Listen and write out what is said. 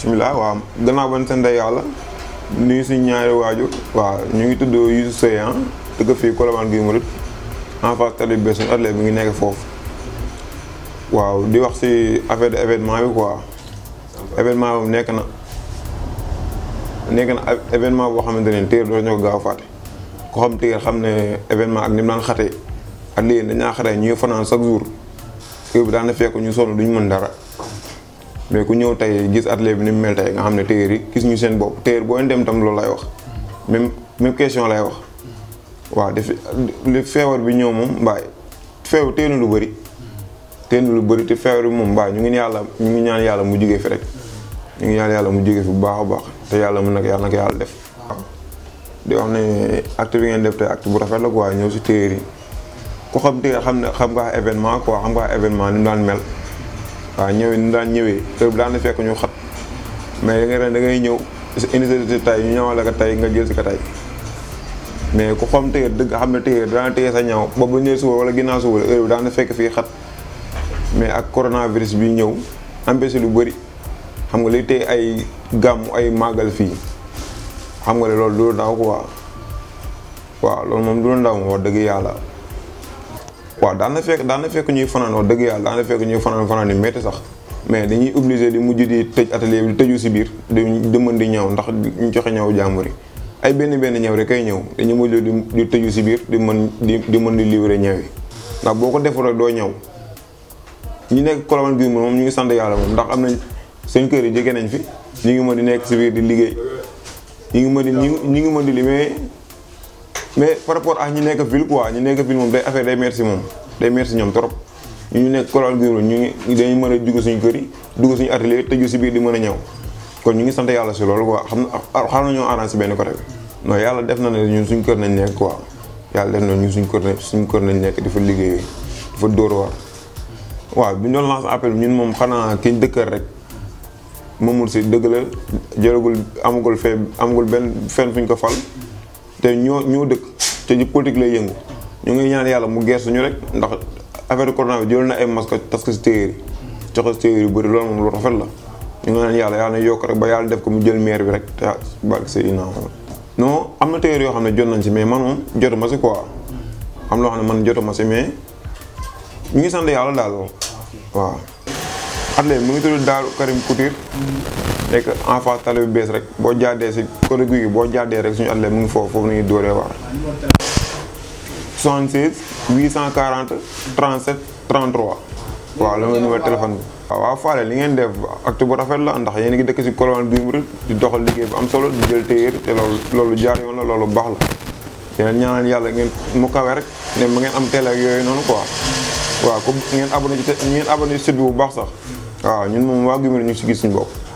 bisimilah waaw gannaaw ba ñu sant yàlla nuyu si ñaari waajur waaw ñu ngi tudd Youssou Seye ah. dëkk fii Colobane Guy Marius en face tali bi suñu atelier bi ngi nekk foofu waaw di wax si affaire de événement bi quoi événement boobu nekk na nekk na événement boo xamante ne téer doo ñoo ko gaaw fàtte ko xam téer xam ne événement ak ni mu daan xatee ak léegi dañaa xatee ñuy fanaan chaque jour kër bi daan na fekk ñu sonn duñ mën dara mais ku ñëw tey gis atelier bi ni mu mel tey nga xam ne téer yi gis ñu seen bopp téer boo leen dem tam loolu lay wax même même question lay wax waaw def li bi ñëw moom mbaay feew teenu lu bëri teenu lu bëri te feebar moom mbaay ñu ngi yàlla ñu ngi ñaan yàlla mu jógee fi rek ñu ngi ñaan yàlla mu jógee fi bu baax a baax te yàlla mën nag yàlla nag yàlla def di wax ne acte bi ngeen def tey acte bu rafet la quoi ñëw si téer yi ku xam téer xam ne xam nga événement quoi xam nga événement ni mu daan mel waa ñëwee ñu daan ñëwee heure bi daan na fekk ñu xat mais da ngay ren da ngay ñëw indi sa tay ñu ñawal la ko tay nga jël si ko tay mais ku xam téye dëgg xam ne téye daan téye sa ñaw ba bu ñëwee suba wala ginnaaw suba heure bi daan na fekk fii xat mais ak coronavirus bi ñëw empêché lu bëri xam nga li téye ay gàmmu ay màggal fii xam nga ne loolu du ndaw quoi waaw loolu moom du ndaw wax dëgg yàlla. waaw daan fekk daan fekk ñuy fanaan wax dëgg yàlla fekk ñuy fanaan fanaan yu sax mais dañuy obligé di mujj di tëj atelier bi di tëju si biir di di mën di ñëw ndax ñu joxe ñëw jàmbur yi ay benn benn ñëw rek ay ñëw dañuy mujj di di tëju si biir di mën di di mën di livrer ñëw yi ndax boo ko deful rek doo ñëw ñu nekk Colobane bi moom ñu ngi sant yàlla moom ndax am nañ seen kër yi jege nañ fi ñu ngi mën di nekk si biir di liggéey ñu ngi mën di ñu ngi mën di limee mais par rapport ak ñi nekk ville quoi ñi nekk ville moom day affaire day merci moom day merci ñoom trop ñu nekk kolal giro ñu ngi dañuy mën a dugg suñu kër yi dugg suñu atelier tëju si biir di mën a ñëw kon ñu ngi sant yàlla si loolu waa xam na xam nañoo arrangé si benn côté bi non yàlla def na ne ñun suñu kër nañ nekk quoi yàlla def na ñun suñu kër suñu kër nañ nekk dafa liggéey dafa dóor waar waaw bi ñu doon lance appel ñun moom xanaa kiñ dëkkal rek moomul si dëgg la jëlagul amagul fee amagul benn fenn fuñ ko fal te ñoo ñoo dëkk te ci politique lay yëngu ñu ngi ñaan yàlla mu geesu ñu rek ndax affaire corona bi jëloon na ay masque tas ko si téere yi jox ko yu bëri loolu moom lu rafet la ñu ngi ñaan yàlla yàlla na yokk rek ba yàlla def ko mu jël maire bi rek te barke Seydina non am na téere yoo xam ne jot nañ si mais man moom jotuma si am loo xam ne man jotuma si mais ñu ngi sant yàlla daal waaw athlète mu ngi tudd Daaru Karim Couture. nekk en face tali bu bees rek boo jaadee si côté guy boo jaadee rek suñu athlète mu ngi foofu foofu ngi dóoree waar. 76 840 37 33. waaw la mooy numéro téléphone bi. waaw waaw li ngeen def acte bu rafet la ndax yéen a ngi dëkk si colonne bi mu di doxal liggéey bu am solo di jël téyeer te loolu loolu jaar yoon la loolu baax la. yeneen ñaanal yàlla ngeen mu kawe rek ne mu ngeen am teel ak yooyu noonu quoi waaw comme ngeen ngeen abonné ci site bi bu baax sax. waaw ñun moom waa Guy Marius ñu ngi si gis suñu bopp.